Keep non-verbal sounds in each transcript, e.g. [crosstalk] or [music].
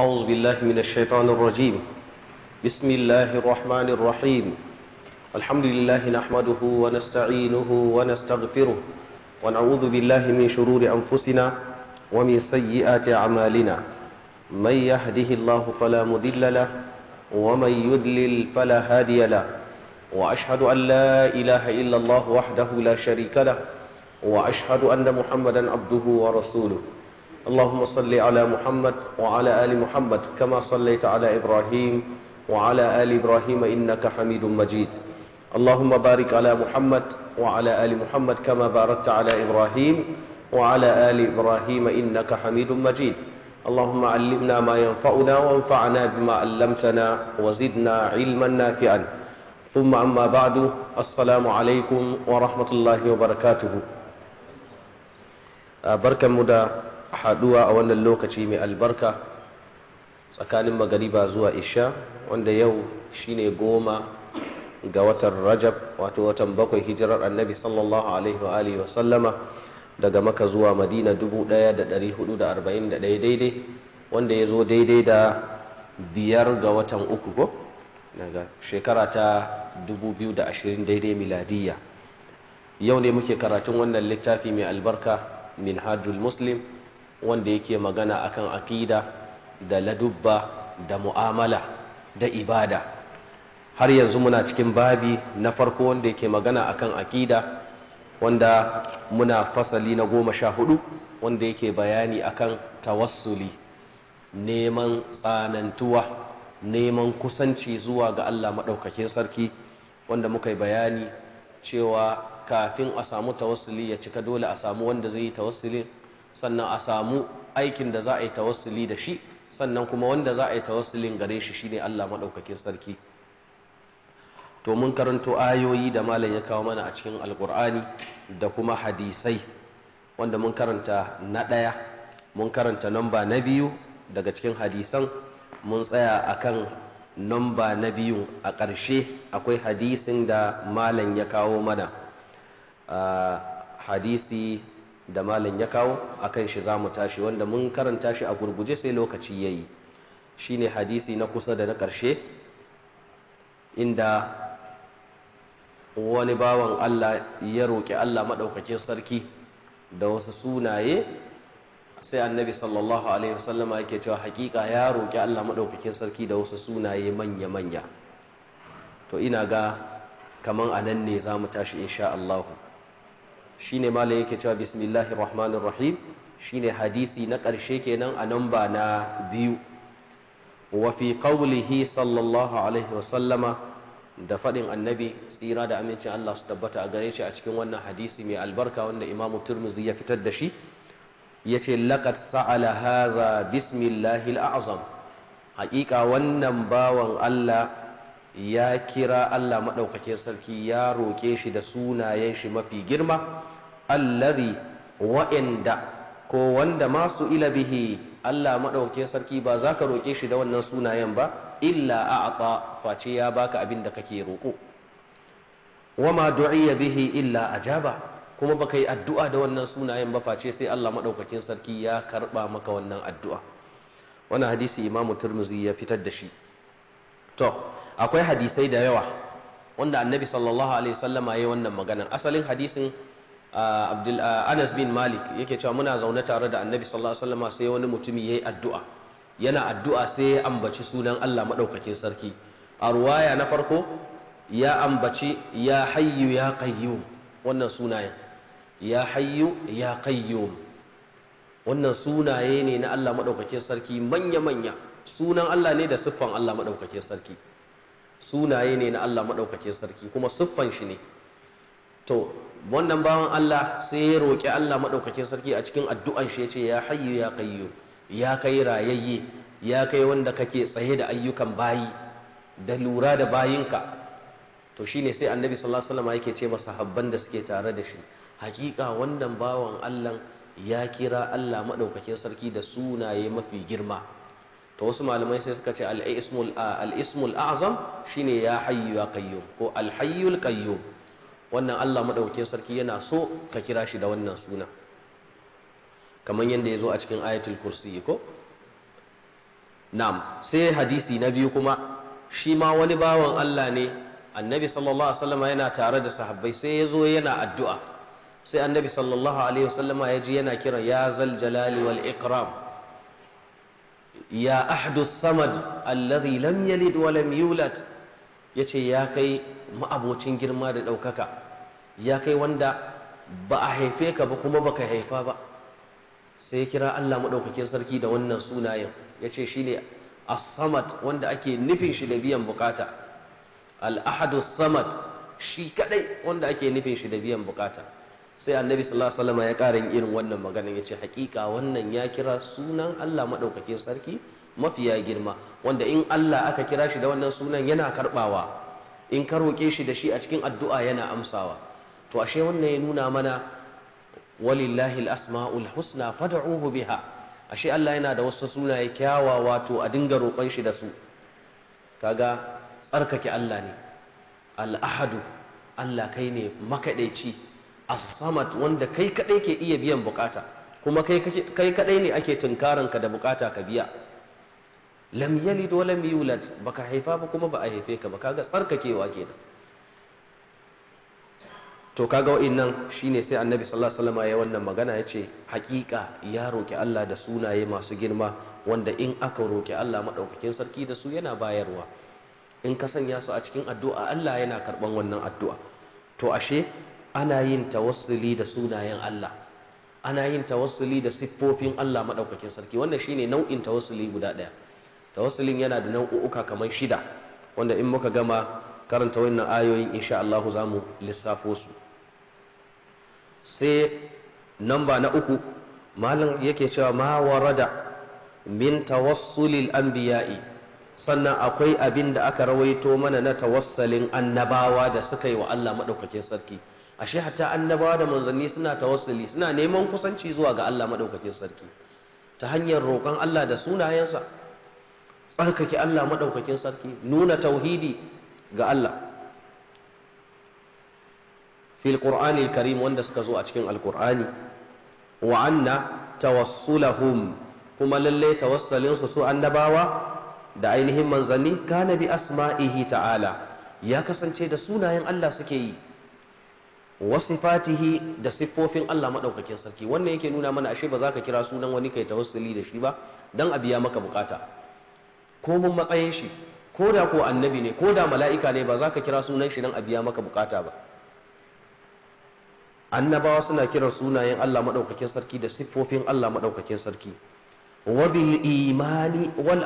أعوذ بالله من الشيطان الرجيم بسم الله الرحمن الرحيم الحمد لله نحمده ونستعينه ونستغفره ونعوذ بالله من شرور أنفسنا ومن سيئات أعمالنا من يهده الله فلا مذل له ومن يدلل فلا هادي له وأشهد أن لا إله إلا الله وحده لا شريك له وأشهد أن محمدا عبده ورسوله اللهم صل على محمد وعلى آل محمد كما صليت على إبراهيم وعلى آل إبراهيم إنك حميد مجيد اللهم بارك على محمد وعلى آل محمد كما باركت على إبراهيم وعلى آل إبراهيم إنك حميد مجيد اللهم علمنا ما ينفعنا وانفعنا بما علمتنا وزدنا علما نافعا ثم أما بعد السلام عليكم ورحمة الله وبركاته آه، بركة مدى haɗuwa a wannan lokaci mai albarka tsakanin magariba zuwa isha wanda yau shine goma ga watan rajab wato watan bakwai hijirar annabi sallallahu alaihi wa alihi wa sallama daga maka zuwa madina 1441 daidai wanda ya zo daidai da biyar ga watan uku ko daga shekara ta 2020 daidai miladiyya yau ne muke karatun wannan littafi mai albarka minhajul muslim wanda yake magana akan aƙida da ladubba da mu'amala da ibada har yanzu muna cikin babi na farko wanda yake magana akan aqida wanda muna fasali na goma sha hudu wanda yake bayani akan tawassuli neman tsanantuwa neman kusanci zuwa ga allah maɗaukakin sarki wanda muka yi bayani cewa kafin a samu tawassuli ya cika dole a samu wanda zai yi tawassulin sannan a samu aikin da za a yi tawassuli da shi sannan kuma wanda za a yi tawassulin gare shi shine Allah maɗaukakin sarki to mun karanto ayoyi da malam ya kawo mana a cikin alkur'ani da kuma hadisai wanda mun karanta na ɗaya mun karanta namba na biyu daga cikin hadisan mun tsaya akan namba na biyu a ƙarshe akwai hadisin da malam ya kawo mana ah, hadisi da malin ya kawo a kan shi za mu tashi wanda mun karanta shi a gurguje sai lokaci ya yi shi ne hadisi na kusa da na ƙarshe inda wani bawan allah ya roƙi allah maɗaukakin sarki da wasu sunaye sai annabi sallallahu alaihi wasallama yake cewa hakika ya roƙi allah maɗaukakin sarki da wasu sunaye manya-manya to ina ga kaman a nan ne za mu tashi insha allahu shine malaye yake cewa bismillahir rahmanir rahim shine hadisi na ƙarshe kenan a namba na biyu wa fi qawlihi sallallahu alaihi wasallama da faɗin annabi tsira da amincin Allah su tabbata a gare shi a cikin wannan hadisi mai albarka wanda imamu turmuzi ya fitar da shi ya ce laƙat sa'ala haza bismillahil a'azam haƙiƙa wannan bawan Allah ya kira Allah maɗaukakin sarki ya roƙe shi da sunayen shi mafi girma Allari wa'inda ko wanda masu ila bihi Allah maɗaukakin sarki ba za ka roƙe shi da wannan sunayen ba illa aƙa face ya baka abin da kake roƙo wama du'iya bihi illa ajaba kuma baka yi addu'a da wannan sunayen ba face sai Allah maɗaukakin sarki ya karɓa maka wannan addu'a wannan hadisi imamu turmuzi ya fitar da shi to akwai hadisai da yawa wanda annabi sallallahu alaihi ya yi wannan maganar asalin hadisin uh, uh, Anas bin Malik yake cewa muna zaune tare da annabi sallallahu alaihi wasallama sai wani mutumi yi addu'a yana addu'a sai ya ambaci sunan Allah maɗaukakin sarki a ruwaya na farko ya ambaci ya hayyu ya qayyum wannan sunayen ya hayyu ya qayyum wannan sunaye ne na Allah maɗaukakin sarki manya manya sunan Allah ne da siffan Allah maɗaukakin sarki sunaye ne na Allah maɗaukakin sarki kuma siffan shi ne to wannan bawan Allah sai ya roƙi Allah maɗaukakin sarki a cikin addu'an shi ya ce ya hayyu ya qayyu ya kai rayayye ya kai wanda kake tsaye da ayyukan bayi da lura da bayinka to shi ne sai annabi sallallahu alaihi wasallam yake ce masa habban da suke tare da shi hakika wannan bawan Allah ya kira Allah maɗaukakin sarki da sunaye mafi girma to wasu malamai sai suka ce al-ismul a'zam shine ya hayyu ya ko alhayyul kayyum wannan Allah madaukakin sarki yana so ka kira shi da wannan suna kamar yadda ya zo a cikin ayatul kursi ko na'am sai hadisi na biyu kuma shi ma wani bawan Allah ne annabi sallallahu alaihi wasallam yana tare da sahabbai sai ya zo yana addu'a sai annabi sallallahu alaihi wasallam ya ji yana kiran ya zal jalali wal ikram ya ahdu samad allazi lam yalid wa lam yulad yace ya kai ma'abocin girma da ɗaukaka ya kai wanda ba a haife ka ba kuma baka haifa ba sai kira Allah maɗaukakin sarki da wannan sunayen yace shine as-samad wanda ake nufin shi da biyan bukata al ahdu samad shi kadai wanda ake nufin shi da biyan bukata sai annabi sallallahu alaihi wasallam ya karin irin wannan magana ya ce haƙiƙa wannan ya kira sunan Allah madaukakin sarki mafiya girma wanda in Allah aka kira shi da wannan sunan yana karɓawa in ka roƙe shi da shi a cikin addu'a yana amsawa to ashe wannan ya nuna mana walillahi al-asma'ul husna fad'uhu biha ashe Allah yana da wasu sunaye kyawawa wato a dinga roƙon shi da su kaga tsarkake Allah ne al-ahadu Allah kai ne makaɗaici as-samad wanda kai kadai ke iya biyan bukata kuma kai kaɗai kadai ne ake tunkaran ka da bukata ka biya lam yalid wa lam yulad baka haifa ba kuma ba a haife ka ba kaga tsarkakewa kenan to kaga wa'innan shine sai annabi sallallahu alaihi wasallam ya wannan magana yace hakika ya roki Allah da sunaye masu girma wanda in aka roki Allah madaukakin sarki da su yana bayarwa in ka sanya su a cikin addu'a Allah yana karban wannan addu'a to ashe ana yin tawassuli da sunayen Allah ana yin tawassuli da siffofin Allah maɗaukakin sarki wannan shine nau'in tawassuli guda ɗaya tawassulin yana da nau'uka kamar shida wanda in muka gama karanta wannan ayoyin insha Allah za mu lissafo su sai namba na uku malam yake cewa ma warada min tawassulil anbiya'i sannan akwai abin da aka rawaito mana na tawassalin annabawa da suka yi wa Allah maɗaukakin sarki ashe hatta annabawa da manzanni suna tawassuli suna neman kusanci zuwa ga Allah madaukakin sarki ta hanyar roƙon Allah da sunayensa tsarkake Allah madaukakin sarki nuna tauhidi ga Allah fil qur'anil karim wanda suka zo a cikin alqur'ani wa anna tawassulahum kuma lalle tawassalin su su annabawa da ainihin manzanni kana bi asma'ihi ta'ala ya kasance da sunayen Allah suke yi wasu fatihi da siffofin Allah maɗaukakin sarki wannan yake nuna mana ashe ba za ka kira sunan wani kai tawassuli da shi ba don a biya maka bukata ko mun matsayin shi ko da ko annabi ne ko da mala'ika ne ba za ka kira sunan shi don a biya maka bukata ba annabawa suna kiran sunayen Allah maɗaukakin sarki da siffofin Allah maɗaukakin sarki wa imani wal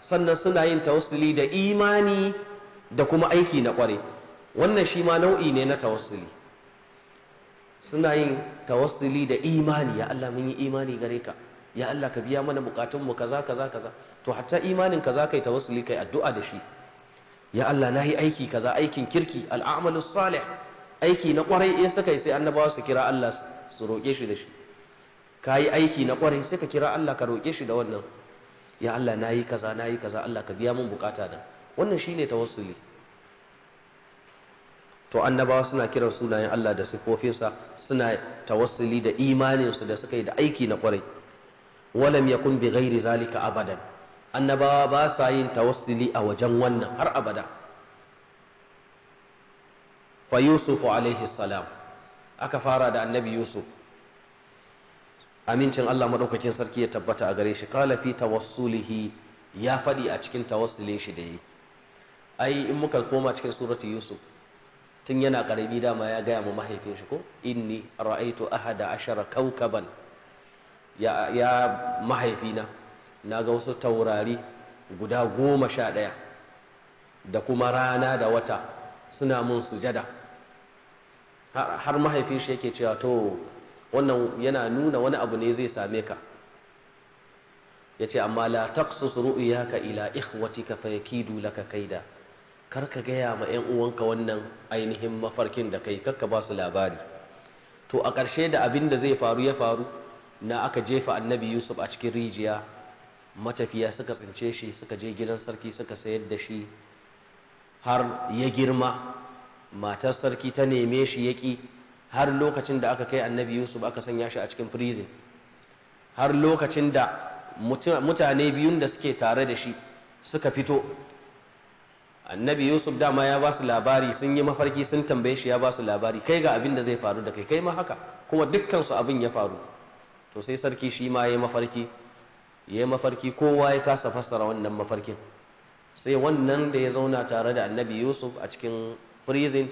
sannan suna yin tawassuli da imani da kuma aiki na kware wannan shi ma nau'i ne na tawassuli suna yin tawassuli da imani ya Allah mun yi imani gare ka ya Allah ka biya mana bukatun mu kaza kaza kaza to hatta imanin kaza kai tawassuli kai addu'a da shi ya Allah yi aiki kaza aikin kirki al'amalus salih aiki na kwarai in suka yi sai annabawa su kira Allah su roƙe shi da shi kai aiki na kwarai sai ka kira Allah ka roƙe shi da wannan ya Allah nayi kaza nayi kaza Allah ka biya mun bukata da wannan shine tawassuli to annabawa suna kiran sunayen Allah da sifofinsa suna tawassuli da imaninsu da suka yi da aiki na kwarai walam yakun bi ghairi zalika abadan annabawa ba sa yin tawassuli a wajen wannan har abada fa yusuf alaihi salam aka fara da annabi yusuf amincin Allah madaukakin sarki ya tabbata a gare shi qala fi tawassulihi ya faɗi a cikin tawassulin shi da yi ai in muka koma cikin surati yusuf tun yana karami dama ya gaya mu mahaifin shi ko inni ra'aitu ahada ashara kaukaban ya, ya mahaifina na ga wasu taurari guda goma sha ɗaya da kuma rana da wata suna mun sujada har mahaifin shi yake cewa to wannan yana nuna wani abu ne zai same ka ya ce amma la taqsus ru'yaka ila ikhwatika fayakidu laka kaida kar ka gaya ma 'yan uwanka wannan ainihin mafarkin da kai ka ba su labari to a ƙarshe da abin da zai faru ya faru na aka jefa annabi yusuf a cikin rijiya matafiya suka tsince shi suka je gidan sarki suka sayar da shi har ya girma matar sarki ta neme shi ya ƙi har lokacin da aka kai annabi yusuf aka sanya shi a cikin prison har lokacin da mutane biyun da suke tare da shi suka fito annabi yusuf dama ya ba su labari sun yi mafarki sun tambaye shi ya ba su labari kai ga abin da zai faru da kai kai ma haka kuma dukkan su abin ya faru to sai sarki shi ma ya mafarki ya mafarki kowa ya kasa fassara wannan mafarkin sai wannan da ya zauna tare da annabi yusuf a cikin prison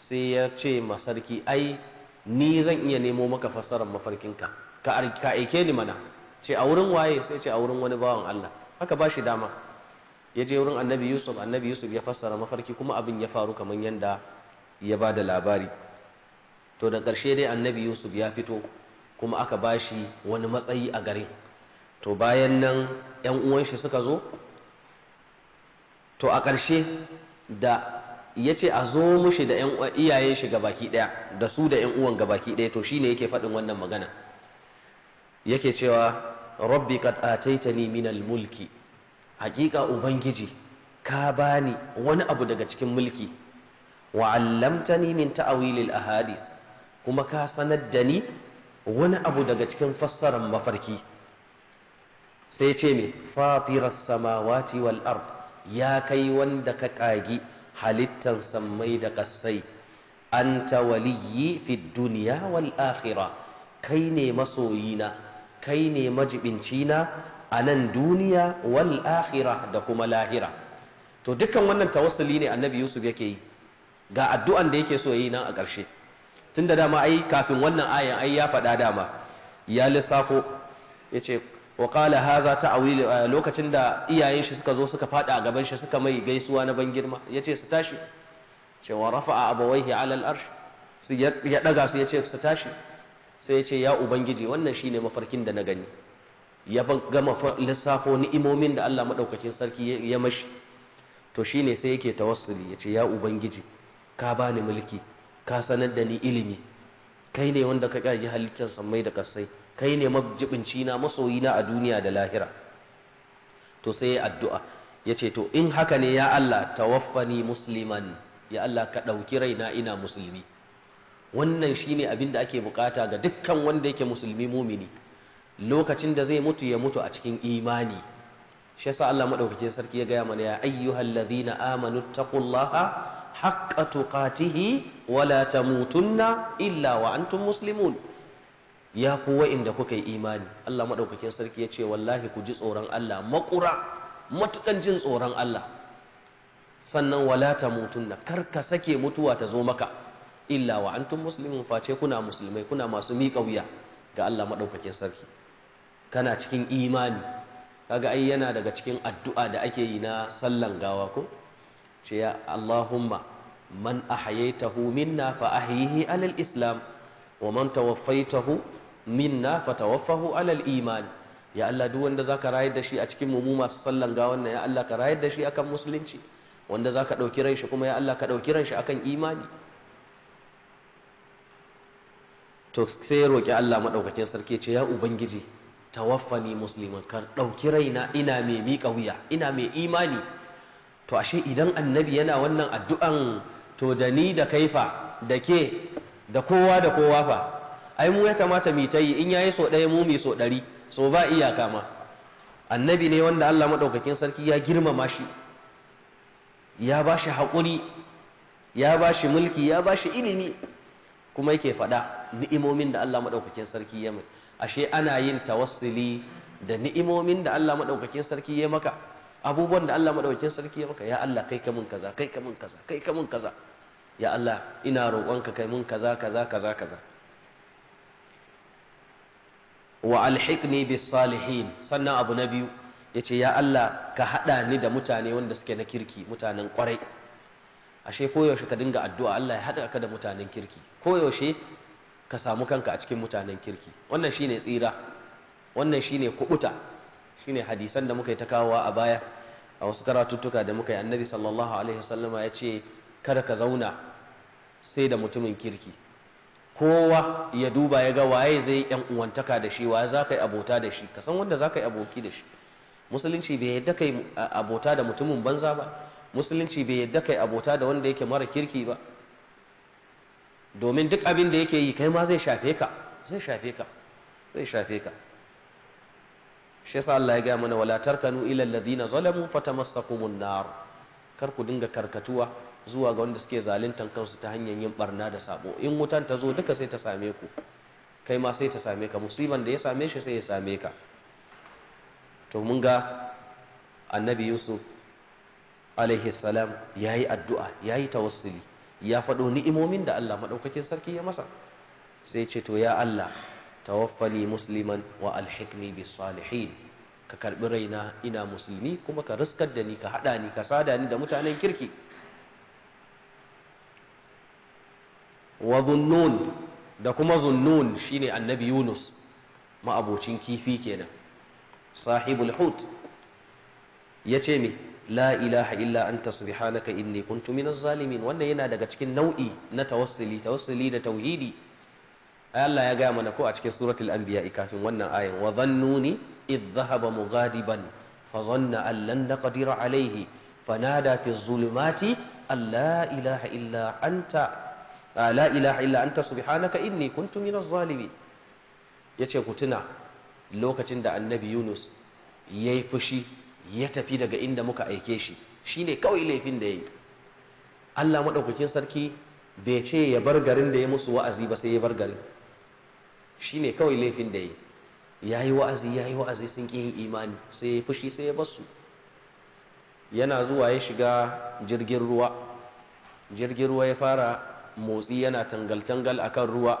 sai ya ce ma sarki ai ni zan iya nemo maka fassarar mafarkinka ka aike ni mana ce a wurin waye sai ce a wurin wani bawan allah haka ba shi dama ya je wurin annabi yusuf annabi yusuf ya fassara mafarki kuma abin ya faru kamar yadda ya ba da labari to da ƙarshe dai annabi yusuf ya fito kuma aka ba shi wani matsayi a garin to bayan nan 'yan uwan shi suka zo to a ƙarshe da ya ce a zo mushi da iyayen shi gabaki ɗaya da su da 'yan uwan baki ɗaya to shine yake faɗin wannan magana yake cewa rabbi qad ataitani minal mulki hakika ubangiji ka bani wani abu daga cikin mulki wa allamtani min ta'awilil ahadis kuma ka sanar da ni wani abu daga cikin fassarar mafarki sai ce me fatiras samawati wal ard ya kai wanda ka kagi halittan sammai da an ta waliyyi fid duniya wal akhirah kai ne masoyina kai ne majibincina a nan duniya wal akhira, da kuma lahira to dukkan wannan tawassuli ne annabi yusuf yake yi ga addu'an da yake so yi nan a ƙarshe tun da dama ai kafin wannan ayan ai ya faɗa dama ya lissafo ya ce wa qala haza ta lokacin da iyayen shi suka zo suka faɗa a gaban shi suka mai gaisuwa na ban girma ya ce su tashi ce wa rafa'a a ala al arsh ya daga su ya ce su tashi sai ya ce ya ubangiji wannan shine mafarkin da na gani ya gama lissafo ni'imomin da Allah maɗaukakin sarki ya mashi to shine sai yake tawassuli ya ce ya ubangiji ka bani mulki ka sanar da ni ilimi kai ne wanda ka ƙyage halittar sammai da kasai? kai ne majibinci na masoyina a duniya da lahira to sai ya addu'a ya ce to in haka ne ya Allah tawaffani musliman ya Allah ka ɗauki raina ina musulmi wannan shine abin da ake bukata ga dukkan wanda yake musulmi mumini lokacin da zai mutu ya mutu a cikin imani shi yasa Allah madaukakin sarki ya gaya mana ya ayyuhal ladhina amanu taqullaha haqqa tuqatihi wa la tamutunna illa wa antum muslimun ya ku wa'inda kuka yi imani Allah madaukakin sarki ya ce wallahi ku ji tsoron Allah makura matukan jin tsoron Allah sannan wala tamutunna kar ka sake mutuwa ta zo maka illa wa antum muslimun face kuna musulmai kuna masu miƙa wuya ga Allah madaukakin sarki kana cikin imani kaga ai yana daga cikin addu'a da ake yi na sallan gawa ko ce ya Allahumma man ahyaytahu minna fa ahyihi alal islam wa man tawaffaytahu minna fa tawaffahu alal iman ya Allah duk wanda zaka rayar da shi a cikin mu masu sallan gawan nan ya Allah ka rayar da shi akan musulunci wanda zaka dauki ran shi kuma ya Allah ka dauki ran shi akan imani to sai ya roki Allah madaukakin sarki ce ya ubangiji tawaffani musliman kar ɗauki raina ina mai miƙa wuya ina mai imani to ashe idan annabi yana wannan addu'an to da ni da kaifa da ke da kowa da kowa fa ai mu ya kamata mu ta yi in yayi so ɗaya mu mu so ɗari so ba iyaka ma annabi ne wanda Allah maɗaukakin sarki ya girmama shi ya ba shi haƙuri ya ba shi mulki ya ba shi ilimi kuma yake faɗa ni'imomin da Allah maɗaukakin sarki ya mai ashe ana yin tawassuli da ni'imomin da Allah madaukakin sarki ya maka abubuwan da Allah madaukakin sarki ya maka ya Allah kai ka mun kaza kai ka mun kaza kai ka mun kaza ya Allah ina roƙonka kai mun kaza kaza kaza kaza wa alhiqni bis salihin sannan abu na biyu yace ya Allah ka hada ni da mutane wanda suke na kirki mutanen kwarai ashe koyaushe ka dinga addu'a Allah ya hada ka da mutanen kirki koyaushe ka samu kanka a cikin mutanen kirki wannan shine tsira wannan shine kubuta shine hadisan da muka yi ta kawowa a baya a wasu karatuttuka da muka yi annabi sallallahu alaihi wasallama ya ce kada ka zauna sai da mutumin kirki kowa ya duba ya ga waye zai yi yan uwantaka da shi waye za ka yi abota da shi ka san wanda za ka yi aboki da shi musulunci bai yadda kai abota da mutumin banza ba musulunci bai yadda kai abota da wanda yake mara kirki ba domin duk abin da yake yi kai ma zai shafe ka zai shafe ka zai shafe ka shi yasa Allah ya ga mana wala tarkanu ila alladhina zalamu fatamassakumun nar kar ku dinga karkatuwa zuwa ga wanda suke zaluntan kansu ta hanyar yin barna da sabo in wutan ta zo duka sai ta same ku kai ma sai ta same ka musiban da ya same shi sai ya same ka to mun ga annabi yusuf alaihi salam yayi addu'a yayi tawassuli ya faɗo ni'imomin da Allah maɗaukakin sarki ya masa sai ce to ya Allah tawaffani musliman wa alhikmi bis salihin ka karɓi raina ina musulmi kuma ka riskar da ni ka haɗa ni ka sada ni da mutanen kirki wa zunnun da kuma zunnun shine annabi Yunus ma'abocin kifi kenan sahibul hut yace me la illa anta subhanaka inni kuntu minaz zalimin wannan yana daga cikin nau'i na tawasali tawassuli da tauhidi Allah ya gaya mana ko a cikin suratul anbiya kafin wannan ayan wa dhannuni idh dhahaba mughadiban fa dhanna an lan naqdira alayhi fanada fi zulumati alla ilaha illa anta la illa anta subhanaka inni kuntu minaz zalimin yace ku tuna lokacin da annabi Yunus yayi fushi ya tafi daga inda muka aike shi shine kawai laifin da ya yi Allah maɗaukakin sarki bai ce ya bar garin da ya musu wa'azi ba sai ya bar garin shine kawai laifin da ya yi ya yi wa'azi ya yi wa'azi sun ƙi yin imani sai ya fushi sai ya basu yana zuwa ya shiga jirgin ruwa jirgin ruwa ya fara motsi yana tangal-tangal a kan ruwa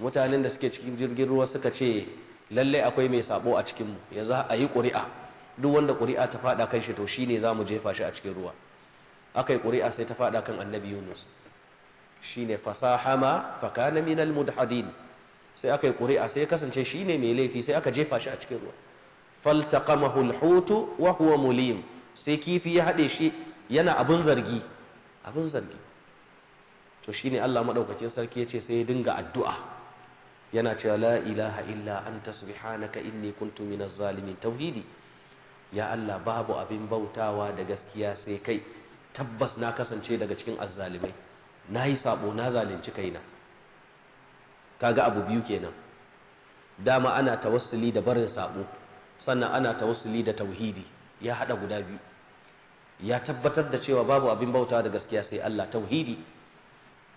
mutanen da suke cikin jirgin ruwa suka ce lallai akwai mai sabo a cikinmu yanzu a yi ƙuri'a duk wanda ƙuri'a ta faɗa kan shi to shine za mu jefa shi a cikin ruwa aka yi ƙuri'a sai ta faɗa kan annabi yunus shi ne fasahama fakana minal mudhadin sai aka yi ƙuri'a sai kasance shi ne mai laifi sai aka jefa shi a cikin ruwa faltaqamahu alhutu wa huwa mulim sai kifi ya haɗe shi yana abun zargi abun zargi to shine Allah madaukakin sarki ya ce sai ya dinga addu'a yana cewa la ilaha illa anta subhanaka inni kuntu minaz zalimin tauhidi ya Allah babu abin bautawa da gaskiya sai kai tabbas na kasance daga cikin azzalimai na yi sabo na zalunci kaina kaga abu biyu kenan dama ana tawassuli da barin sabo sannan ana tawassuli da tauhidi ya hada guda biyu ya tabbatar da cewa babu abin bautawa da gaskiya sai Allah tauhidi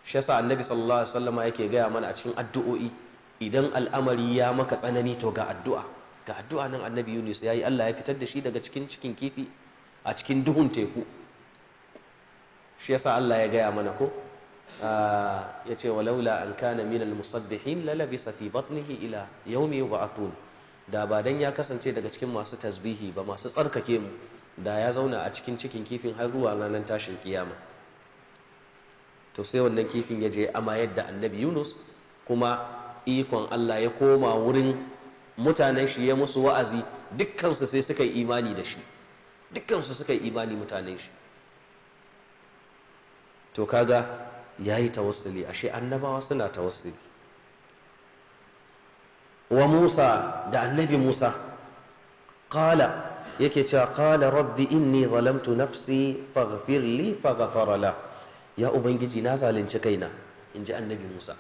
shi yasa annabi sallallahu alaihi wasallam yake gaya mana a cikin addu'o'i idan al'amari ya maka tsanani to ga addu'a ga addu'a nan annabi yunus ya yi allah ya fitar da shi daga cikin cikin kifi a cikin duhun teku shi yasa allah ya gaya mana ko ah, ya ce Laula an kana minal musabbihin lalabisa fi batnihi ila yawmi yub'athun da ba dan ya kasance daga cikin masu tasbihi ba masu tsarkake mu da ya zauna a cikin cikin kifin har ruwa ranar tashin kiyama to sai wannan kifin ya je ama yadda annabi yunus kuma ikon allah ya koma wurin mutanen shi ya musu wa'azi dukkansu sai suka yi imani da shi dukkansu suka yi imani mutanen shi to kaga yayi tawassuli ashe annabawa suna tawassuli wa Musa da annabi Musa kala yake cewa kala rabbi inni zalamtu nafsi faghfir li faghfara la ya ubangiji na zalunci kaina inji annabi Musa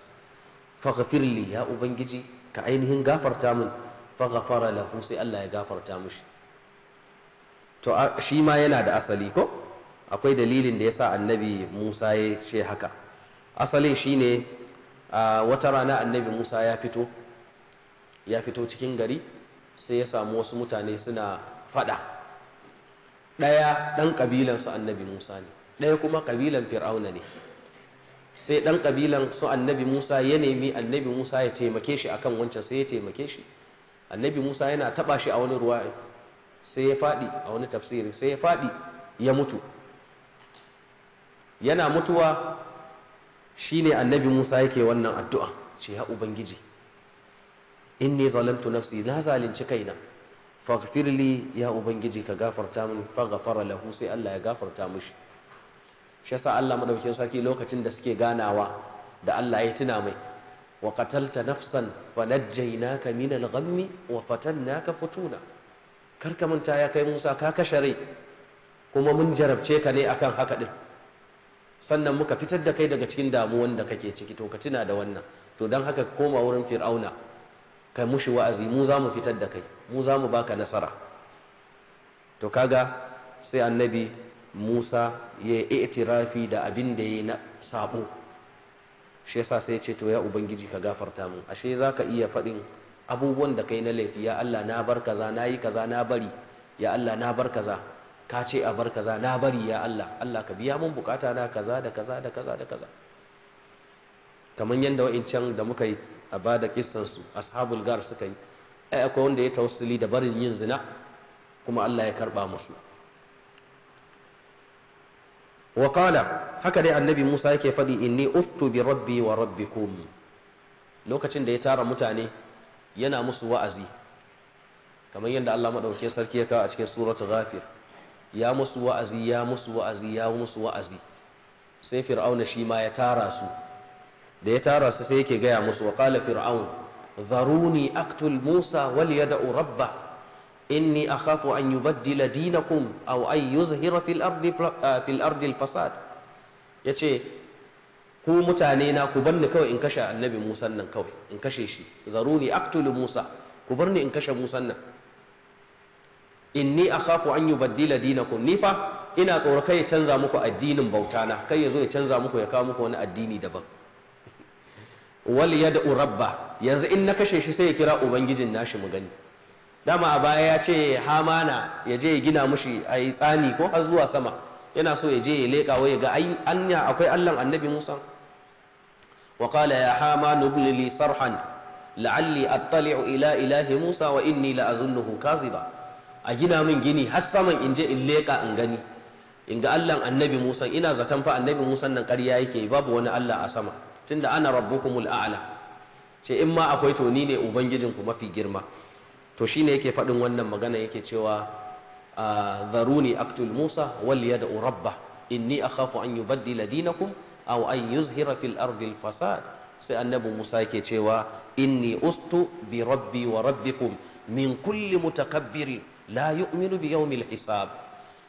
faghfir li ya ubangiji ka ainihin gafarta mun fa ghafara lahu sai Allah ya gafarta mushi to shi ma yana da asali ko akwai dalilin da yasa annabi Musa ya ce haka asalin shine wata rana annabi Musa ya fito ya fito cikin gari sai ya samu wasu mutane suna fada ɗaya ɗan su annabi Musa ne ɗaya kuma kabilan fir'auna ne sai ɗan kabilan su annabi Musa ya nemi annabi Musa ya taimake shi akan wancan sai ya taimake shi annabi Musa yana taba shi a wani ruwa sai ya fadi a wani tafsiri sai ya fadi ya mutu yana mutuwa shine annabi Musa yake wannan addu'a ce ya ubangiji inni zalamtu nafsi na zalunci kaina faghfirli ya ubangiji ka gafarta min faghfara lahu sai Allah ya gafarta mishi shi yasa Allah madaukakin sarki lokacin da suke ganawa da Allah ya tuna mai wa qatalta nafsan fanajjaynaka min al-ghammi wa fatannaka futuna kar ka manta ya kai Musa ka kashe rai kuma mun jarabce ka ne akan haka din sannan muka fitar da kai daga cikin damuwan da kake ciki to ka tuna da wannan to dan haka ka koma wurin fir'auna kai mushi wa'azi mu za mu fitar da kai mu za mu baka nasara to kaga sai annabi musa ya yi itirafi da abin da ya yi na sabo shi yasa sai ce to ya ubangiji ka gafarta mu ashe za ka iya faɗin abubuwan da kai na laifi ya allah na bar kaza na yi kaza na bari ya allah na bar kaza ka ce a bar kaza na bari ya allah allah ka biya mun bukata na kaza da kaza da kaza da kaza kamar yadda wa'incan da muka yi a bada kissan su ashabul gar suka yi akwai wanda ya tawassuli da barin yin zina kuma allah ya karba musu wa kala haka dai annabi Musa yake faɗi inni uftu bi rabbi wa rabbikum lokacin da ya tara mutane yana musu wa'azi kamar yadda Allah maɗauke sarki ya kawo a cikin surat ghafir ya musu wa'azi ya musu wa'azi ya musu wa'azi sai fir'auna shi ma ya tara su da ya tara su sai yake gaya musu wa kala fir'aun Zaruni, aktul musa wal yada'u Urabba. inni akhafu an yubaddila dinakum aw ay yuzhira fil ardi fil ah, ardi al fasad ku mutane na ku bar ni kawai in kashe annabi Musa nan kawai in kashe shi zaruni aqtulu Musa ku bar ni in kashe Musa nan inni akhafu an yubaddila dinakum ni fa ina tsoro kai ya canza muku addinin bauta na kai ya zo ya canza muku ya kawo muku wani addini daban [laughs] wal yad'u rabba yanzu in na kashe shi sai ya kira ubangijin nashi mu gani dama a baya ya ce hamana ya je ya gina mushi a yi tsani ko har zuwa sama yana so ya je ya leƙa wai ga anya akwai allan annabi musa wa qala ya hama ibn sarhan la'alli attali'u ila ilahi musa wa inni la azunnuhu a gina min gini har saman in je in leƙa in gani in ga allan annabi musa ina zaton fa annabi musa nan ƙarya yake babu wani allah a sama tunda ana rabbukumul a'la ce in ma akwai to ni ne ubangijinku mafi girma to shine yake faɗin wannan magana yake cewa zaruni aktul musa wal yad'u rabba inni akhafu an yubaddila dinakum aw an yuzhira fil ardi fasad sai annabi musa yake cewa inni ustu bi rabbi wa rabbikum min kulli mutakabbirin la yu'minu bi yawmil hisab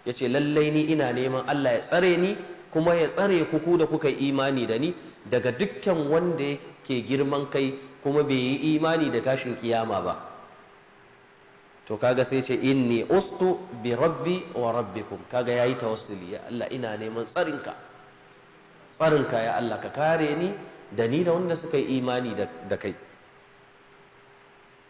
yace lallai ni ina neman Allah ya tsare ni kuma ya tsare ku ku da kuka imani da ni daga dukkan wanda yake girman kai kuma bai yi imani da tashin kiyama ba to kaga sai ce inni ustu bi rabbi wa rabbikum kaga yayi tawassuli ya Allah ina neman tsarinka tsarinka ya Allah ka kare ni da ni da wanda suka yi imani da kai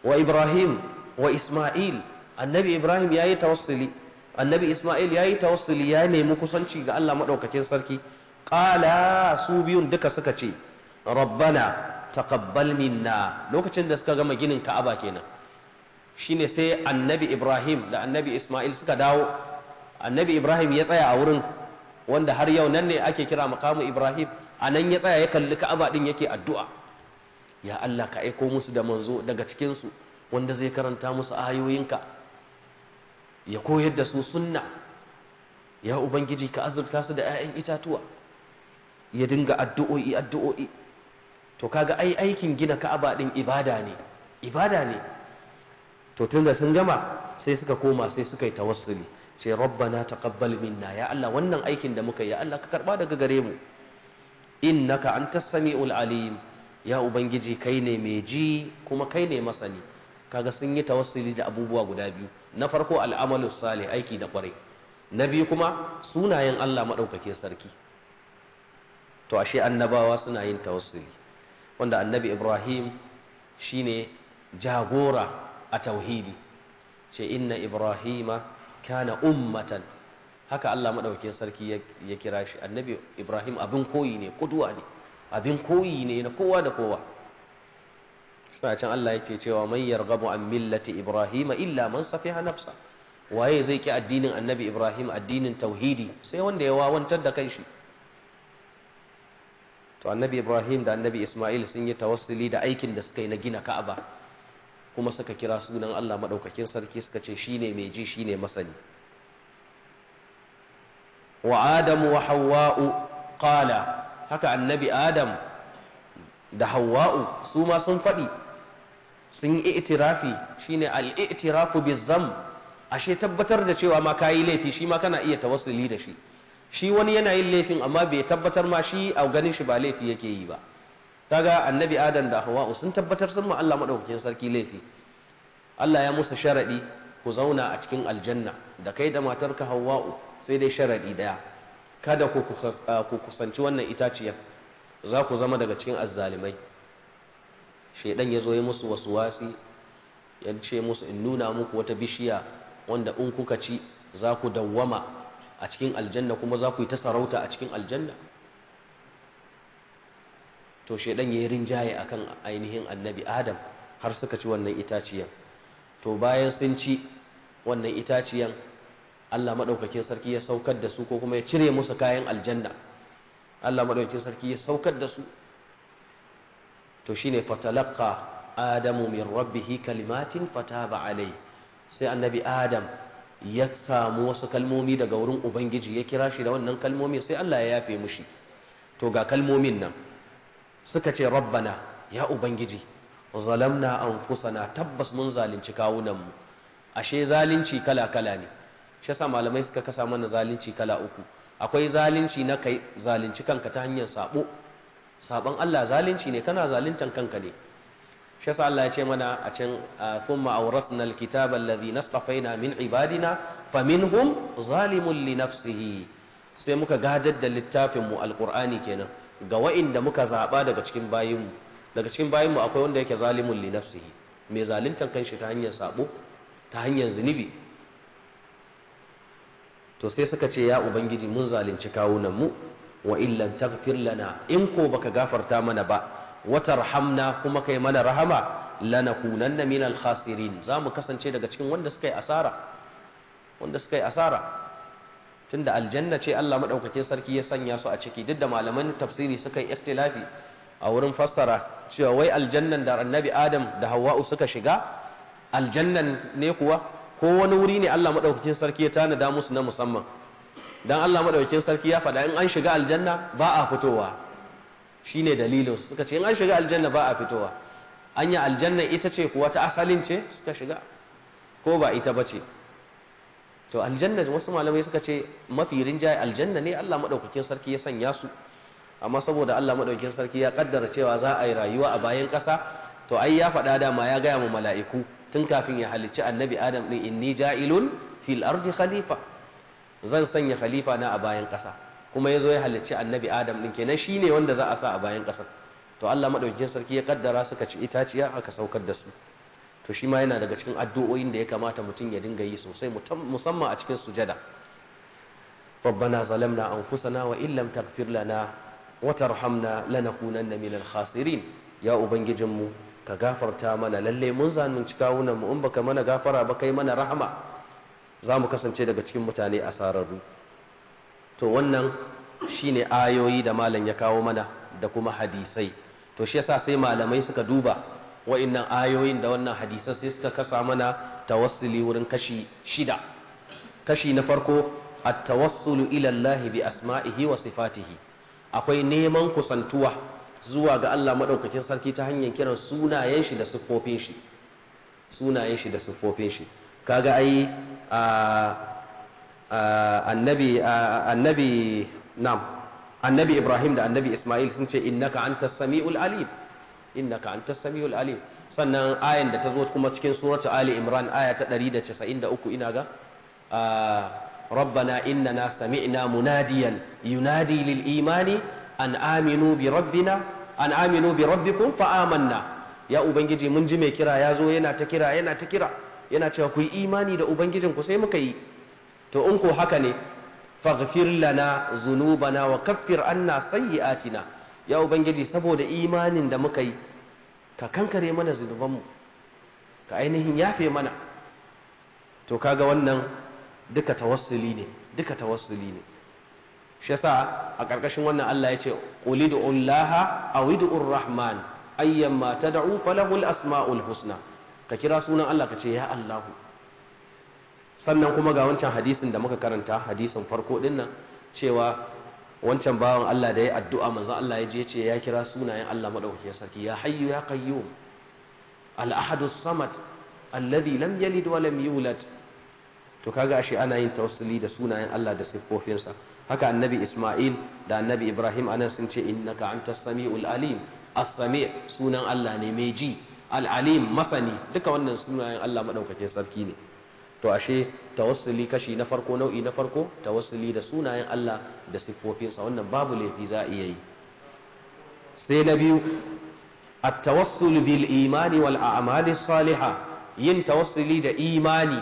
wa Ibrahim wa Isma'il annabi Ibrahim yayi tawassuli annabi Isma'il yayi tawassuli ya nemi kusanci ga Allah madaukakin sarki qala su biyun duka suka ce rabbana taqabbal minna lokacin da suka gama ginin Ka'aba kenan shine sai annabi ibrahim da annabi ismail suka dawo annabi ibrahim ya tsaya a wurin wanda har yau nan ne ake kira makamu ibrahim a nan ya tsaya ya kalli ka'aba din yake addu'a ya allah ka aiko musu da manzo daga cikinsu wanda zai karanta musu ayoyinka ya koyar da su sunna ya ubangiji ka azurta su da 'ya'yan itatuwa ya dinga addu'o'i addu'o'i to kaga ai aikin gina ka'aba din ibada ne ibada ne to tun da sun gama sai suka koma sai suka yi tawassuli sai rabbana taqabbal minna ya Allah wannan aikin da muka yi ya Allah ka karba daga gare mu innaka antas samiul alim ya ubangiji kai ne mai ji kuma kai ne masani kaga sun yi tawassuli da abubuwa guda biyu na farko al'amalu salih aiki da kwarai na biyu kuma sunayen Allah maɗaukake sarki to ashe annabawa suna yin tawassuli wanda annabi Ibrahim shine jagora a tauhidi ce inna ibrahima kana ummatan haka Allah maɗaukin sarki ya kira shi annabi ibrahim abin koyi ne kuduwa ne abin koyi ne na kowa da kowa suna can Allah yake cewa man yarghabu an millati ibrahima illa man safiha nafsa waye zai ki addinin annabi ibrahim addinin tauhidi sai wanda ya wawantar da kanshi to annabi ibrahim da annabi isma'il sun yi tawassuli da aikin da suka yi na gina ka'aba kuma suka kira sunan Allah maɗaukakin sarki suka ce shine mai ji shine masani wa adamu wa hawa'u qala haka annabi adam da hawa'u su ma sun faɗi sun yi itirafi shine al-i'tirafu bizam ashe tabbatar da cewa ma kayi laifi shi ma kana iya tawassuli da shi shi wani yana yin laifin amma bai tabbatar ma shi a ganin shi ba laifi yake yi ba kaga annabi adam da hawa'u sun tabbatar sun ma Allah madaukakin sarki laifi Allah ya musu sharadi ku zauna a cikin aljanna da kai da matarka hawa'u sai dai sharadi daya kada ah, ku kusanci wannan itaciyar za ku zama daga cikin azzalimai shedan ya zo ya musu wasu wasi ya ce musu in nuna muku wata bishiya wanda in kuka ci za ku dawwama a cikin aljanna kuma za ku yi ta sarauta a cikin aljanna to shaidan ya yi rinjaye akan ainihin annabi adam har suka ci wannan itaciyan to bayan sun ci wannan itaciyan allah maɗaukakin sarki ya saukar da su ko kuma ya cire musu kayan aljanna allah maɗaukakin sarki ya saukar da su to shine fatalaka adamu min rabbihi kalimatin fataba alai sai annabi adam ya samu wasu kalmomi daga wurin ubangiji ya kira shi da wannan kalmomi sai allah ya yafe mushi to ga kalmomin nan suka ce rabbana ya ubangiji zalamna anfusana tabbas mun zalunci kawunanmu ashe zalunci kala kala ne shi yasa malamai suka kasa mana zalunci kala uku akwai zalunci na kai zalunci kanka ta hanyar sabo sabon Allah zalunci ne kana zaluntan kanka ne shi yasa Allah ya ce mana a can kuma ah, awrasna alkitaba alladhi nastafaina min ibadina faminhum zalimun li nafsihi sai muka gadar da littafin mu alqur'ani kenan ga wa'inda muka zaɓa daga cikin bayinmu daga cikin bayinmu akwai wanda yake zalimun li nafsihi mai zaluntan kanshi ta hanyar sabo ta hanyar zunubi to sai suka ce ya ubangiji mun zalunci kawunan mu wa illan taghfir lana in ko baka gafarta mana ba watarhamna kuma kai mana rahama lanakunanna minal khasirin za mu kasance daga cikin wanda suka yi asara wanda suka yi asara tunda aljanna ce Allah madaukakin sarki ya sanya su a ciki duk da malaman tafsiri suka yi ikhtilafi a wurin fassara cewa wai aljannan da annabi Adam da Hawwa'u suka shiga aljannan ne kuwa ko wani wuri ne Allah madaukakin sarki ya tanada musu na musamman dan Allah madaukakin sarki ya faɗa in an shiga aljanna ba a fitowa shine dalilin suka ce in an shiga aljanna ba a fitowa anya aljanna ita ce kuwa ta asalin ce suka shiga ko ba ita bace to aljanna wasu malamai suka ce mafi rinjaye aljanna ne Allah madaukakin sarki ya sanya su amma saboda Allah madaukakin sarki ya kaddara cewa za a yi rayuwa a bayan kasa to ai ya faɗa dama ya gaya ma mala'iku tun kafin ya halicci annabi adam din inni ja'ilun fil ardi khalifa zan sanya khalifa na a bayan ƙasa kuma ya zo ya halicci annabi adam din kenan shine wanda za a sa a bayan kasa to Allah madaukakin sarki ya kaddara suka ci itaciya aka saukar da su to shi ma yana daga cikin addu'o'in da ya kamata mutum ya dinga yi sosai musamman a cikin sujada rabbana zalamna na wa illam taghfir lana wa tarhamna lanakunanna minal khasirin ya ubangijinmu ka gafarta mana lalle mun zanunci kawunan mu in baka mana gafara ba kai mana rahama za mu kasance daga cikin mutane asararru to wannan shine ayoyi da malam ya kawo mana da kuma hadisai to shi yasa sai malamai suka duba wa'innan ayoyin da wannan hadisan sai suka kasa mana tawassuli wurin kashi shida kashi na farko at-tawassulu ila bi asma'ihi wa sifatihi akwai neman kusantuwa zuwa ga Allah madaukakin sarki ta hanyar kiran sunayen shi da siffofin shi sunayen shi da siffofin shi kaga ai annabi annabi nam annabi Ibrahim da annabi Ismail sun ce innaka antas sami'ul alim innaka antas samiul alim sannan ayan da ta zo kuma cikin suratu ali imran aya ta 193 ina ga ah, rabbana innana sami'na munadiyan yunadi lil imani an aminu bi rabbina an aminu bi rabbikum fa amanna ya ubangiji mun ji mai kira ya zo yana ta kira yana ta kira yana cewa ku yi imani da ubangijin ku sai muka yi to in ko haka ne faghfir lana zunubana wa kaffir anna sayyi'atina ya ubangiji saboda imanin da muka yi ka kankare mana zunubanmu ka ainihin yafe mana to kaga wannan duka tawassuli ne duka tawassuli ne shi yasa a ƙarƙashin wannan Allah ya ce qul laha aw ud'ur rahman ayyamma tad'u asma'ul husna ka kira sunan Allah ka ce ya Allahu sannan kuma ga wancan hadisin da muka karanta hadisin farko dinnan cewa wancan bawan Allah da ya addu'a manzo Allah ya je ce ya kira sunayen Allah madaukakin sarki ya hayyu ya qayyum al ahadus samad alladhi lam yalid wa lam yulad to kaga ashe ana yin tawassuli da sunayen Allah da siffofinsa haka annabi Isma'il da annabi Ibrahim anan sun ce innaka antas samiul alim as-sami' sunan Allah ne mai ji al alim masani duka wannan sunayen Allah madaukakin sarki ne to ashe tawassuli kashi na farko nau'i na farko tawassuli da sunayen Allah da siffofinsa wannan babu laifi za a iya yi sai na biyu at-tawassul bil imani wal a'mali salihah yin tawassuli da imani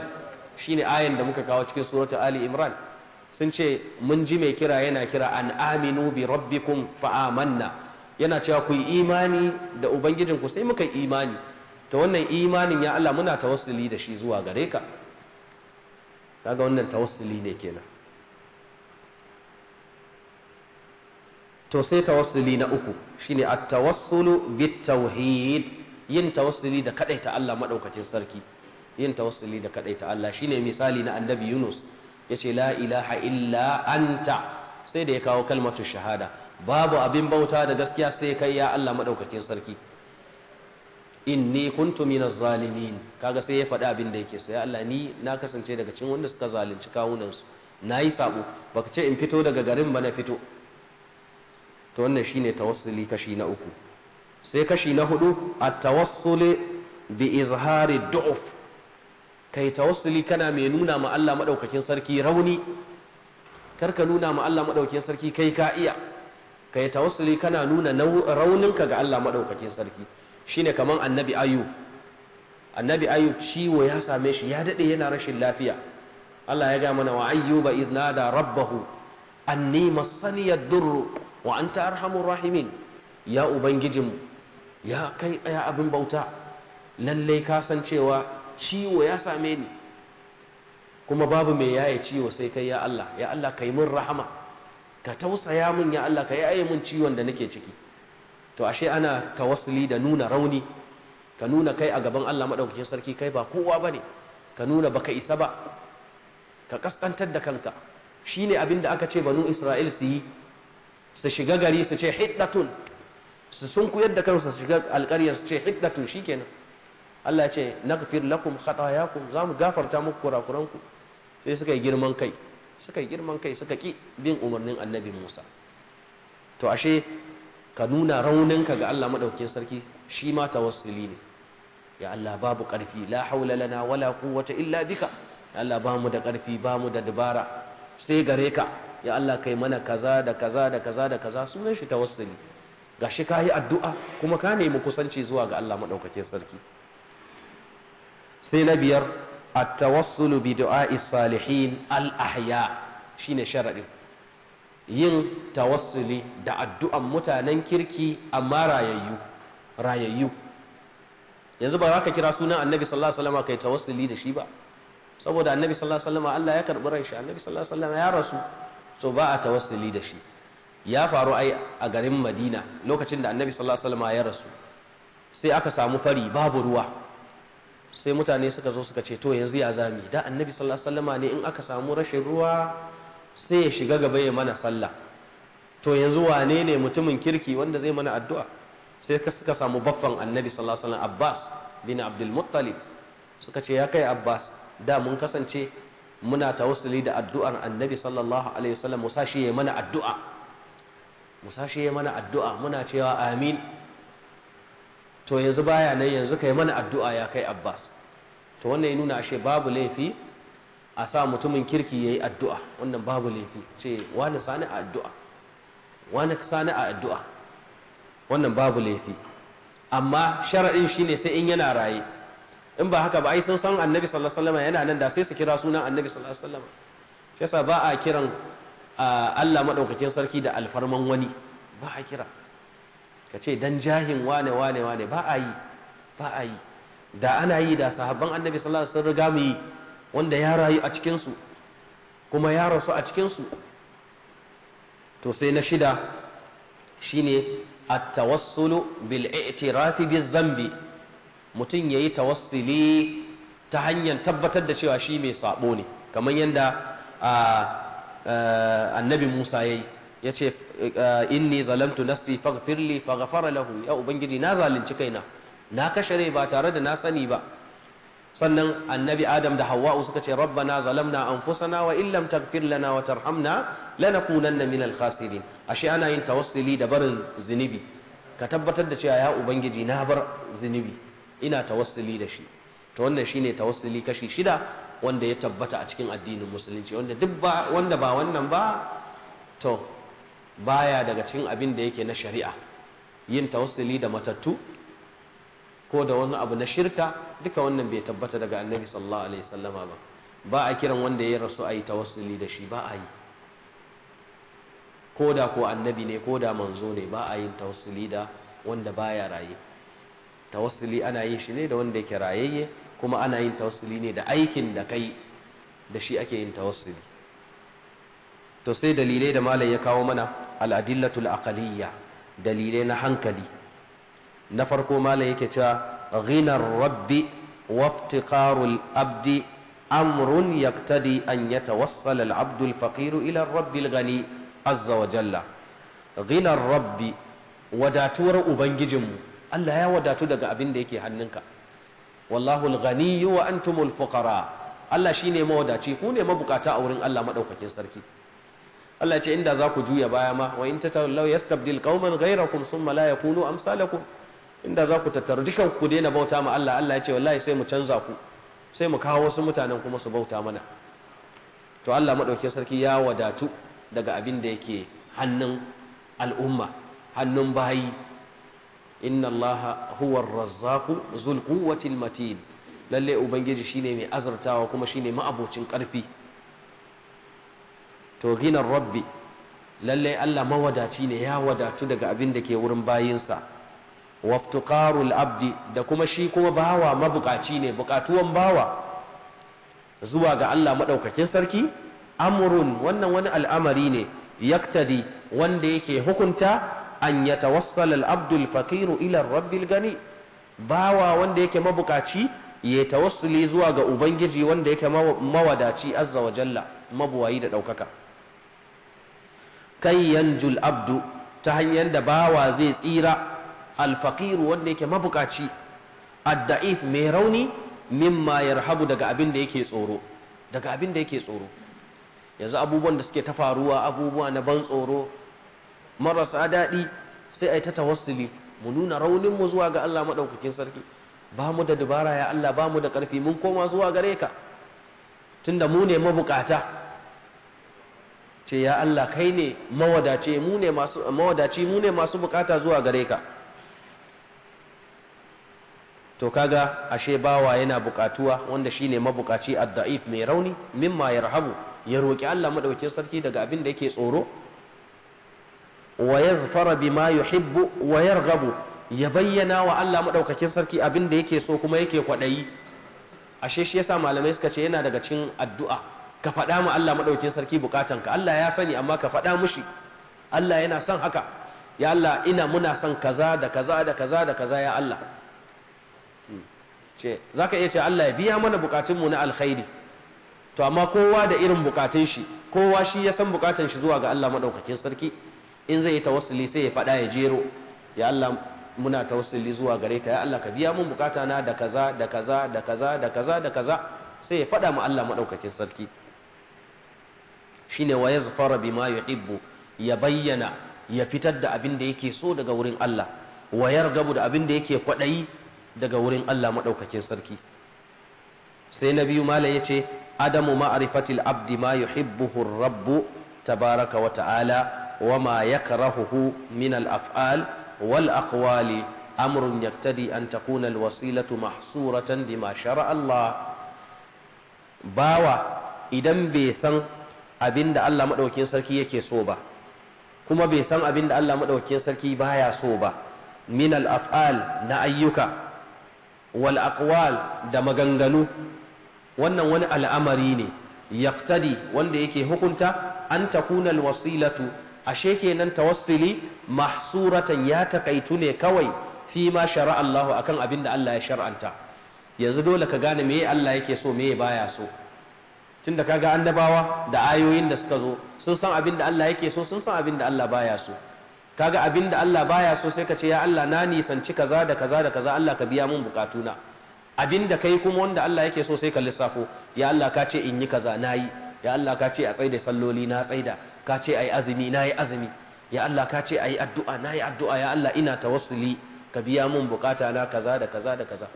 shine ayan da muka kawo cikin suratul ali imran sun ce mun ji mai kira yana kira an aminu bi rabbikum fa amanna yana cewa ku yi imani da ubangijinku sai muka imani ta wannan imanin ya Allah muna tawassuli da shi zuwa gare ka kaga wannan tawassuli ne kenan to sai tawassuli na uku shine at-tawassulu bit-tauhid yin tawassuli da kadaita Allah madaukakin sarki yin tawassuli da kadaita Allah shine misali na annabi Yunus yace la ilaha illa anta sai da ya kawo kalmatu shahada babu abin bauta da gaskiya sai kai ya Allah madaukakin sarki inni kuntu minaz zalimin kaga sai ya faɗi abin da yake so ya Allah ni na kasance daga cikin wanda suka zalunci kawunan su nayi sabo baka ce in fito daga garin ba na fito to wannan shine tawassuli kashi na uku sai kashi na hudu at tawassuli bi izhari du'uf kai tawassuli kana mai nuna ma Allah madaukakin sarki rauni karka nuna ma Allah madaukakin sarki kai ka iya kai tawassuli kana nuna rauninka ga Allah madaukakin sarki shine kaman annabi ayub annabi ayub ciwo ya same shi ya daɗe yana rashin lafiya Allah ya ga mana wa ayyuba idh rabbahu anni massani durru wa anta arhamur rahimin ya ubangijin ya kai ya abin bauta lallai ka san cewa ciwo ya same ni kuma babu mai yaye ciwo sai kai ya Allah ya Allah kai min rahama ka tausaya min ya Allah ka yaye mun ciwon da nake ciki to ashe ana tawassuli da nuna rauni ka nuna kai a gaban Allah madaukakin sarki kai ba kowa bane ka nuna baka isa ba ka kaskantar da kanka shine abin da aka ce banu Isra'il su yi su shiga gari su ce hiddatun su sunkuyar da kansu su shiga alƙaryar su ce hiddatun shikenan Allah ce naghfir lakum khatayakum za mu gafarta muku kurakuranku sai suka yi girman kai suka yi girman kai suka ki bin umarnin annabi Musa to ashe ka nuna rauninka ga Allah madaukakin sarki shi ma tawassuli ne ya Allah babu ƙarfi la haula lana wala quwwata illa bika ya Allah bamu da ƙarfi bamu da dabara sai gare ka ya Allah kai mana kaza da kaza da kaza da kaza sunan shi tawassuli gashi ka yi addu'a kuma ka nemi kusanci zuwa ga Allah maɗaukakin sarki sai na biyar at-tawassulu bi du'a'i salihin al-ahya shine sharadin yin tawassuli da addu'an mutanen kirki amma rayayyu rayayyu yanzu ba za ka kira sunan annabi sallallahu alaihi wasallam kai tawassuli da shi ba saboda annabi sallallahu alaihi wasallam Allah ya karbi ran shi annabi sallallahu alaihi wasallam ya rasu to ba a tawassuli da shi ya faru ai a garin Madina lokacin da annabi sallallahu alaihi wasallam ya rasu sai aka samu fari babu ruwa sai mutane suka zo suka ce to yanzu ya zami da annabi sallallahu alaihi wasallam ne in aka samu rashin ruwa sai ya shiga gaba ya mana sallah to yanzu wane ne mutumin kirki wanda zai mana addu'a sai suka samu baffan annabi sallallahu alaihi wasallam Abbas bin Abdul Muttalib suka ce ya kai Abbas da mun kasance muna tawassuli da addu'ar annabi sallallahu alaihi wasallam musa shi ya mana addu'a musa shi ya mana addu'a muna cewa amin to yanzu baya nan yanzu kai mana addu'a ya kai Abbas to wannan ya nuna ashe babu laifi a sa mutumin kirki ya yi addu'a wannan babu laifi ce wani sani a addu'a wani sani a addu'a wannan babu laifi amma shara'in shi ne sai in yana raye in ba haka ba ai sun san annabi sallallahu alaihi wasallam yana nan da sai su kira sunan annabi sallallahu alaihi wasallam shi yasa ba a kiran Allah madaukakin sarki da alfarman wani ba a kira ka ce dan jahin wane wane wane ba a yi ba a yi da ana yi da sahabban annabi sallallahu alaihi wasallam sun riga mu yi wanda ya rayu a cikinsu kuma ya rasu a cikinsu to sai na shida shine a tawassulu bil i'tirafi zambi mutum ya yi tawassuli ta hanyar tabbatar da cewa shi mai sabo ne kamar yadda annabi Musa ya ce in inni zalamtu nafsi faghfirli faghfara lahu ya ubangiji na zalunci kaina na kashe rai ba tare da na sani ba sannan annabi adam da hawa'u suka ce rabbana zalamna fusana wa illam taghfir lana wa tarhamna lanakunanna minal A ashe ana yin tawassuli da barin zunubi ka tabbatar da cewa ya ubangiji na bar zunubi ina tawassuli da shi to wannan shine tawassuli kashi shida wanda ya tabbata a cikin addinin musulunci wanda ba wannan ba to baya daga cikin abin da yake na shari'a yin tawassuli da matattu ko da wani abu na shirka duka wannan bai tabbata daga annabi sallallahu alaihi sallama ba ba a kiran wanda ya rasu a yi tawassuli da shi ba a yi ko da ko annabi ne ko da manzo ne ba a yin tawassuli da wanda baya raye tawassuli ana yin shi ne da wanda yake rayayye kuma ana yin tawassuli ne da aikin da kai da shi ake yin tawassuli to sai dalilai da malam ya kawo mana al'adillatul aqliyya dalilai na hankali na farko malam yake cewa غنى الرب وافتقار الأبد أمر يقتضي أن يتوصل العبد الفقير إلى الرب الغني عز وجل غنى الرب وداتور أبنجم الله يا وداتو دقا أبن ديكي هننك والله الغني وأنتم الفقراء الله شيني موداتي كوني مبقاتا أورين الله مدوكا كنسركي Allah ce inda za ku juya baya ma wa in tatawallaw yastabdil qauman ghayrakum thumma la yakunu amsalakum inda za ku tattaru dukan ku daina bauta ma Allah Allah ya ce wallahi sai mu canza ku sai mu kawo wasu mutanen kuma su bauta mana to Allah madaukakin sarki ya wadatu daga abin da yake hannun al'umma hannun bayi inna allaha huwa ar-razzaq zul al matin lalle ubangiji shine mai azurtawa kuma shine ma'abocin karfi to gina rabbi lalle Allah mawadaci ne ya wadatu daga abin da ke wurin bayinsa waftuqarul abdi da kuma shi kuma bawa mabukaci ne bukatuwan bawa zuwa ga Allah madaukakin sarki amrun wannan wani al'amari ne yaktadi wanda yake hukunta an ya al abdul al-faqir ila rabbil gani bawa wanda yake mabukaci ya tawassuli zuwa ga ubangiji wanda yake mawadaci azza wa jalla mabuwayi da ɗaukaka. kai yanjul abdu ta hanyar da bawa zai tsira alfaqir wanda yake mabukaci adda'if mai rauni mimma yarhabu daga abin da yake tsoro daga abin da yake tsoro yanzu abubuwan da suke ta faruwa abubuwa na ban tsoro marasa daɗi sai a yi ta tawassuli mu nuna raunin mu zuwa ga Allah maɗaukakin sarki ba mu da dubara ya Allah ba mu da ƙarfi mun koma zuwa gare ka tunda mu ne mabuƙata ce ya Allah kai ne mawadaci mu ne masu mawadaci mu ne masu bukata zuwa gare ka to kaga ashe bawa yana bukatuwa wanda shine mabukaci adda'if mai rauni mimma yarhabu ya roki Allah madaukakin sarki daga abin da yake tsoro wa yazfara bima yuhibbu wa yarghabu ya bayyana wa Allah madaukakin sarki abin da yake so kuma yake kwadayi ashe shi yasa malamai suka ce yana daga cikin addu'a ka faɗa ma Allah madaukakin sarki bukatanka Allah ya sani amma ka faɗa mushi Allah yana son haka ya Allah ina muna son kaza da kaza da kaza da kaza ya Allah ce ka iya ce Allah ya biya mana bukatunmu na alkhairi to amma kowa da irin bukatun shi kowa shi ya san bukatun shi zuwa ga Allah madaukakin sarki in zai yi tawassuli sai ya faɗa ya jero ya Allah muna tawassuli zuwa gare ka ya Allah ka biya mun bukata na da kaza da kaza da kaza da kaza da kaza sai ya faɗa ma Allah madaukakin sarki shine wa yazfara bima yuhibbu ya bayyana ya fitar da abin da yake so daga wurin Allah wayar gabu da abin da yake kwaɗayi daga wurin Allah maɗaukakin sarki sai na biyu malam ya ce adamu ma'arifatil abdi ma yuhibbuhu rabbu tabaraka wa ta'ala wa ma yakrahuhu min al-af'al wal aqwali amrun yaktadi an takuna al-wasilatu mahsuratan bima shara Allah bawa idan bai san abinda Allah maɗaukakin sarki yake so ba kuma bai san abinda Allah maɗaukakin sarki baya so ba min al-af'al na ayyuka wal aqwal da maganganu wannan wani al'amari ne yaqtadi wanda yake hukunta an takuna wasilatu ashe kenan tawassili mahsuratan ya takaitu ne kawai fi ma shara Allahu akan abin da Allah ya shar'anta yanzu dole ka gane me Allah yake so me baya so tunda kaga annabawa da ayoyin da suka zo sun san abin da Allah yake so sun san abin da Allah baya so kaga abin da Allah baya so sai ka ce ya Allah na nisanci kaza da kaza da kaza Allah ka biya mun bukatuna abin da kai kuma wanda Allah yake so sai ka lissafo ya Allah ka ce in yi kaza na yi ya Allah ka ce a tsaida salloli na tsaida ka ce ayi azumi na yi azumi ya Allah ka ce ayi addu'a na yi addu'a ya Allah ina tawassuli ka biya mun bukata na kaza da kaza da kaza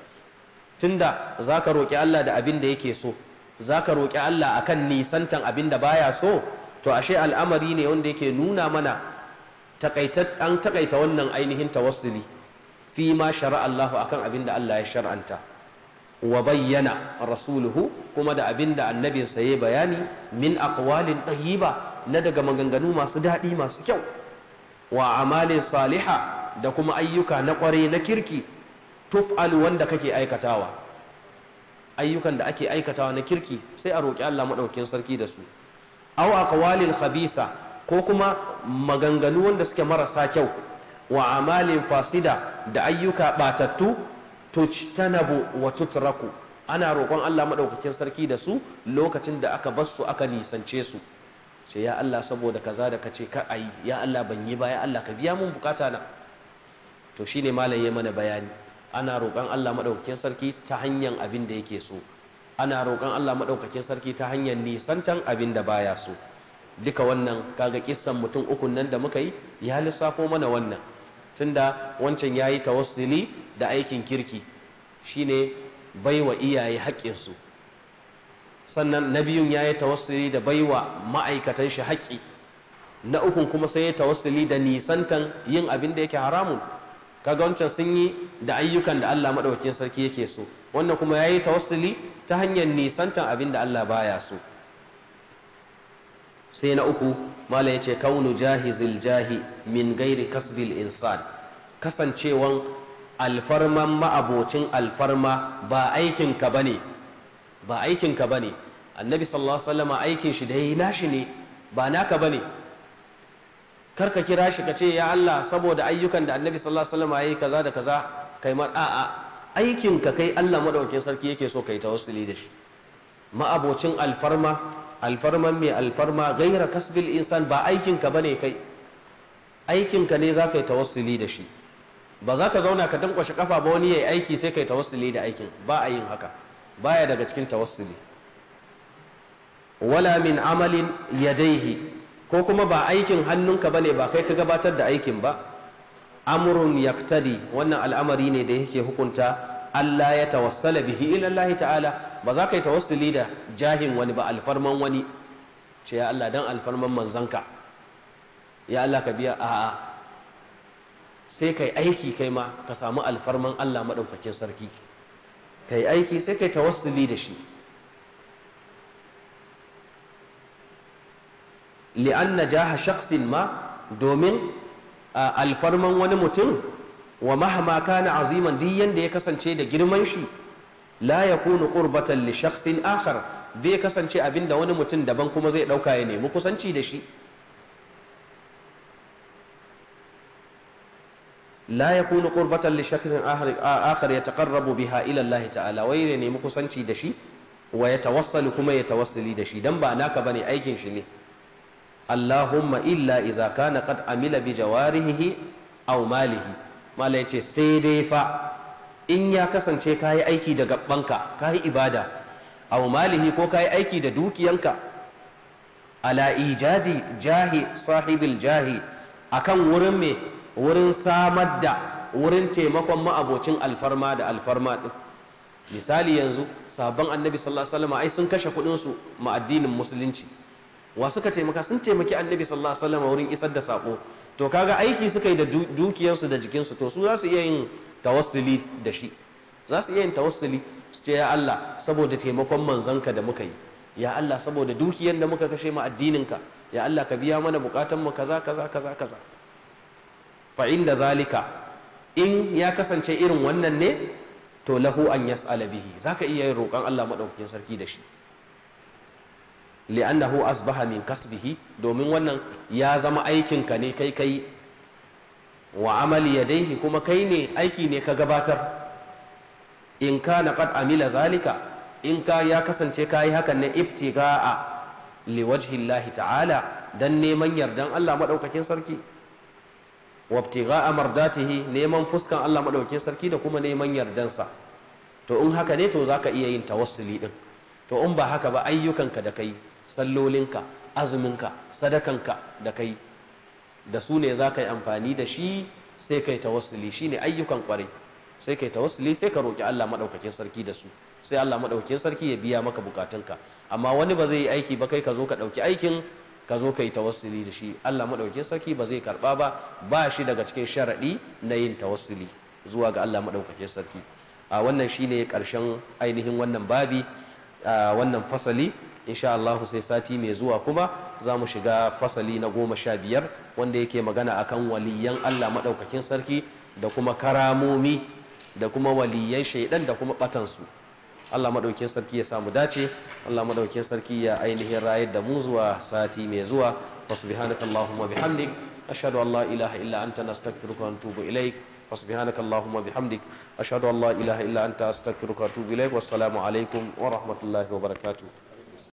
tunda za ka roki Allah da abin da yake so za ka roki Allah akan nisantan abin da baya so to ashe al'amari ne wanda yake nuna mana an takaita wannan ainihin tawassuli fi ma shara Allahu akan abin da Allah ya shar'anta wa bayyana rasuluhu kuma da abin da annabinsa ya bayani min aqwalin tayyiba na daga maganganu masu daɗi masu kyau wa amalin saliha da kuma ayyuka na ƙware na kirki tuf'alu wanda kake aikatawa ayyukan da ake aikatawa na kirki sai a roƙi Allah maɗaukin sarki da su aw aqwalin khabisa ko kuma maganganu wanda suke marasa kyau wa amalin fasida da ayyuka batattu tujtanabu wa tutraku ana roƙon Allah maɗaukakin sarki da su lokacin da aka bar su aka nisance su ce ya Allah saboda kaza da kace ka ai ya Allah ban yi ba ya Allah ka biya mun bukata na to shine malam ya mana bayani ana roƙon Allah maɗaukakin sarki ta hanyar abin da yake so ana roƙon Allah maɗaukakin sarki ta hanyar nisantan abin da baya so duka wannan kaga kissan mutum ukun nan da muka yi ya lissafo mana wannan tunda wancan ya yi tawassuli da aikin kirki shine baiwa iyaye haƙƙinsu sannan na biyun ya yi tawassuli da baiwa ma'aikatan shi haƙƙi na ukun kuma sai ya tawassuli da nisantan yin abin da yake haramun kaga wancan sun yi da ayyukan da Allah maɗaukin sarki yake so wannan kuma ya yi tawassuli ta hanyar nisantan abin da Allah baya so sai na uku malam ya ce kaunu jahizil jahi min gairi kasbil insan kasancewan alfarman ma'abocin alfarma ba aikinka ne? ba aikinka ne? annabi sallallahu alaihi wasallam aikin shi da yayi nashi ne ba naka ba kar ka kira shi ka ce ya Allah saboda ayyukan da annabi sallallahu alaihi wasallam yayi kaza da kaza kai ma a'a aikinka kai Allah madaukakin sarki yake so kai tawassuli da shi ma'abocin alfarma alfarman mai alfarma gaira kasbil insan ba aikinka bane ne kai aikinka ne za ka yi tawassuli da shi ba za ka zauna ka tankwashe kafa ba wani ya yi aiki sai ka yi tawassuli da aikin ba a yin haka baya daga cikin tawassuli wala min amalin yadaihi ko kuma ba aikin hannunka bane ba kai ka gabatar da aikin ba amrun yaktadi wannan al'amari ne da yake hukunta Allah ya tawassala bihi ila Allah ta'ala ba za ka yi tawassuli da jahin wani ba alfarman wani ce ya Allah dan alfarman manzanka ya Allah ka biya a'a sai kai aiki kai ma ka samu alfarman Allah madaukakin sarki kai aiki sai kai tawassuli da shi li'anna jaha shakhsin ma domin alfarman wani mutum wa mahama kana aziman duk yanda ya kasance da girman shi la yakunu qurbatan li shakhsin akhar bai kasance abinda wani mutum daban kuma zai dauka ya nemi kusanci da shi la yakunu qurbatan li shakhsin akhar yataqarrabu biha ila Allah ta'ala wai ya nemi kusanci da shi wa yatawassalu kuma yatawassali da shi dan ba naka bane aikin shi ne Allahumma illa izaka na kad amila bi jawarihi aw malihi malai ce sai dai fa in ya kasance ka yi aiki da gabbanka ka yi ibada a malihi ko ka yi aiki da dukiyanka ala ijadi jahi sahibil jahi akan wurin me wurin samar da wurin taimakon ma'abocin alfarma da alfarma din misali yanzu sabon annabi sallallahu alaihi wasallam ai sun kashe kuɗin su ma addinin musulunci wa suka taimaka sun taimaki annabi sallallahu alaihi wasallam wurin isar da sako to kaga aiki suka yi da dukiyarsu da jikinsu to su za su iya yin tawassuli da shi za su iya yin tawassuli su ce ya Allah saboda taimakon manzanka da muka yi ya Allah saboda dukiyar da muka kashe mu addininka ya Allah ka biya mana bukatun mu kaza kaza kaza kaza fa inda zalika in ya kasance irin wannan ne to lahu an yas'ala bihi zaka iya yin roƙon Allah madaukakin sarki da shi li'annahu asbaha min kasbihi domin wannan ya zama aikinka ne kai kai wa amali yadaihi kuma kai ne aiki ne ka gabatar in kana qad amila zalika in ka ya kasance kayi hakan ne ibtiga'a liwajhillahi ta'ala dan neman yardan Allah madaukakin sarki wa ibtiga'a mardatihi neman fuskan Allah madaukakin sarki da kuma neman yardansa to in haka ne to zaka iya yin tawassuli din to in ba haka ba ayyukanka da kai sallolinka azuminka sadakanka da kai da su ne za ka yi amfani da shi sai kai tawassuli ne ayyukan kwarai sai kai tawassuli sai ka roki Allah maɗaukakin sarki da su sai Allah maɗaukakin sarki ya biya maka bukatunka amma wani ba zai yi aiki ba kai ka zo ka ɗauki aikin ka zo ka yi tawassuli da shi Allah maɗaukakin sarki ba zai karɓa ba ba shi daga cikin sharaɗi na yin tawassuli zuwa ga Allah maɗaukakin sarki a wannan shi ne karshen ainihin wannan babi wannan fasali insha Allah sai sati mai zuwa kuma za mu shiga fasali na goma sha biyar wanda yake magana akan waliyan Allah maɗaukakin sarki da kuma karamomi da kuma waliyan shaidan da kuma batansu Allah maɗaukin sarki ya samu dace Allah maɗaukin sarki ya ainihin rayar da mu zuwa sati mai zuwa فسبحانك اللهم allah أشهد أن لا إله إلا أنت ilaik ونتوب إليك فسبحانك اللهم وبحمدك أشهد أن لا إله إلا أنت أستغفرك ilaik إليك والسلام عليكم ورحمة الله وبركاته